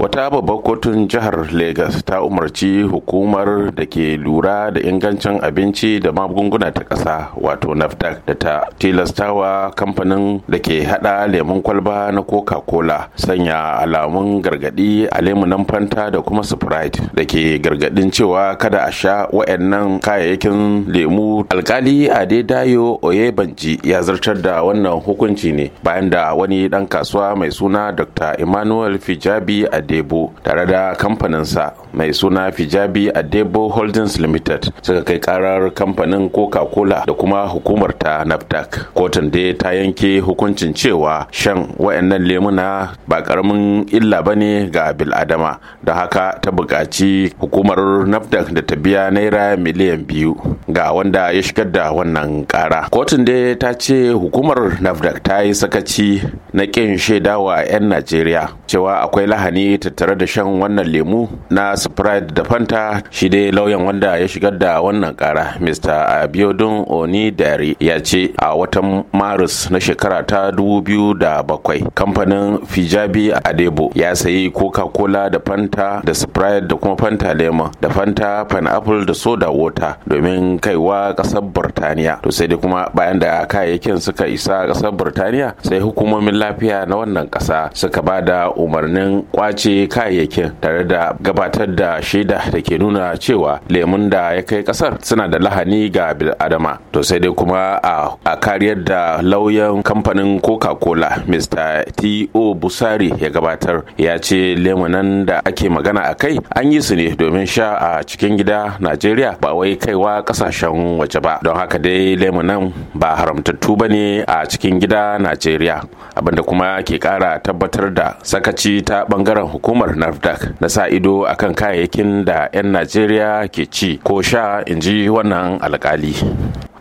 wata babbar kotun jihar Legas ta umarci hukumar da ke lura da ingancin abinci da magunguna ta ƙasa wato Naftak da ta tilastawa kamfanin da ke hada lemun kwalba na coca-cola sanya alamun gargadi a lemunan fanta da kuma sprite da ke gargadin cewa kada a sha wa'annan kayayyakin lemu alkali adedayo Oyebanci ya zartar da wannan hukunci ne bayan da wani dan kasuwa mai suna dr emmanuel fijabi a Adebo tare da kamfanin sa mai suna Fijabi Adebo Holdings Limited suka kai karar kamfanin Coca-Cola da kuma hukumar ta NAFDAC. Kotun dai ta yanke hukuncin cewa shan wayannan lemuna ba karamin illa bane ga bil'adama da haka ta buƙaci hukumar NAFDAC da ta biya naira miliyan biyu ga wanda ya shigar da wannan kara. Kotun dai ta ce hukumar NAFDAC ta yi sakaci na ƙin shaidawa 'yan Najeriya cewa akwai lahani tattare da shan wannan lemu na sprite da fanta shi dai lauyan wanda ya shigar da wannan kara mr abiodun oni dari ya ce a watan maris na shekara ta 2007 kamfanin fijabi adebo ya sayi coca-cola da fanta da sprite da kuma fanta lemon da fanta pineapple da soda water domin kaiwa kasar burtaniya to sai dai kuma bayan da kayayyakin suka isa kasar burtaniya sai hukumomin lafiya na wannan kasa suka ba da umarnin kwace kwace kayayyakin tare da gabatar da shaida da ke nuna cewa lemun da ya kai kasar suna da lahani ga bil'adama to sai dai kuma a kariyar da lauyan kamfanin coca-cola mr t.o busari ya gabatar ya ce lemunan da ake magana a kai an yi su ne domin sha a cikin gida najeriya ba wai kaiwa kasashen waje ba don haka dai lemunan ba haramtattu ba ne a cikin gida najeriya abinda kuma ke kara tabbatar da sakaci ta bangaren hukumar nafdac na sa ido akan kayayyakin da 'yan najeriya ke ci ko sha in ji wannan alkali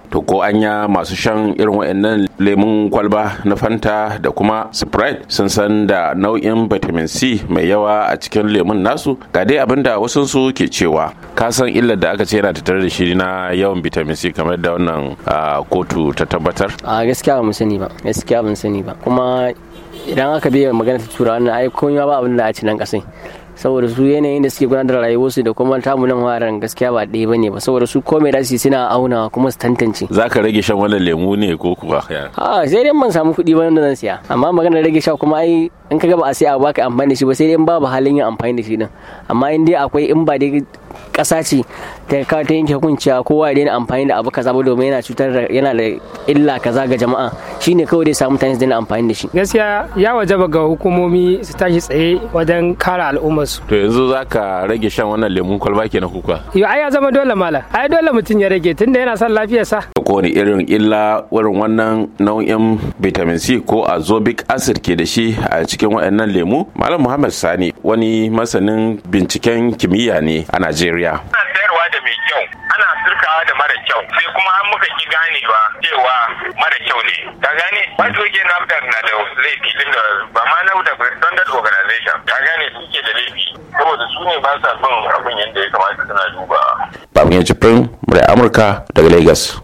to ko anya masu shan irin wa'annan lemun kwalba na fanta da kuma sprite sun san da nau'in vitamin c mai yawa a cikin lemun nasu ga dai abin da wasu su ke cewa ka san illar da aka ce yana tattare da shi na yawan vitamin c kamar da wannan kotu ta tabbatar a gaskiya ba sani ba gaskiya ba sani ba kuma idan aka biya magana ta turawa wannan ai komai ba abin da a ci nan kasai saboda su yanayin da suke gudanar da su da kuma tamu nan waran gaskiya ba ɗaya bane ba saboda su komai da su suna auna kuma su tantance za ka rage shan wannan lemu ne ko kuwa a sai dai man samu kuɗi ba nan zan siya amma maganar rage sha kuma ai in ka ga ba a sai a baka amfani da shi ba sai dai in babu halin yin amfani da shi din amma in dai akwai in ba dai kasa ce ta kawai ta yanke hukunci kowa ya daina amfani da abu kaza ba domin yana cutar da yana da illa kaza ga jama'a shine kawai dai samu mutane su daina amfani da shi gaskiya ya wajaba ga hukumomi su tashi tsaye wajen kare al'ummar su to yanzu zaka rage shan wannan lemun kwalba ke na kuka yo ai ya zama dole mala ai dole mutum ya rage tunda yana son sa. ko ne irin illa wurin wannan nau'in vitamin C ko azobic acid ke da shi a cikin wa'annan lemu malam Muhammad Sani wani masanin binciken kimiyya ne a Najeriya Najeriya. Ana sayarwa da mai kyau, ana sirkawa da mara kyau, sai kuma an muka ki ganewa cewa mara kyau ne. Ka gane? Wato ke na na da laifi din da ba ma na da standard organization. Ka gane suke da laifi saboda su ne ba sa bin abin yadda ya kamata suna duba. Babin Jibrin, Murai Amurka daga Lagos.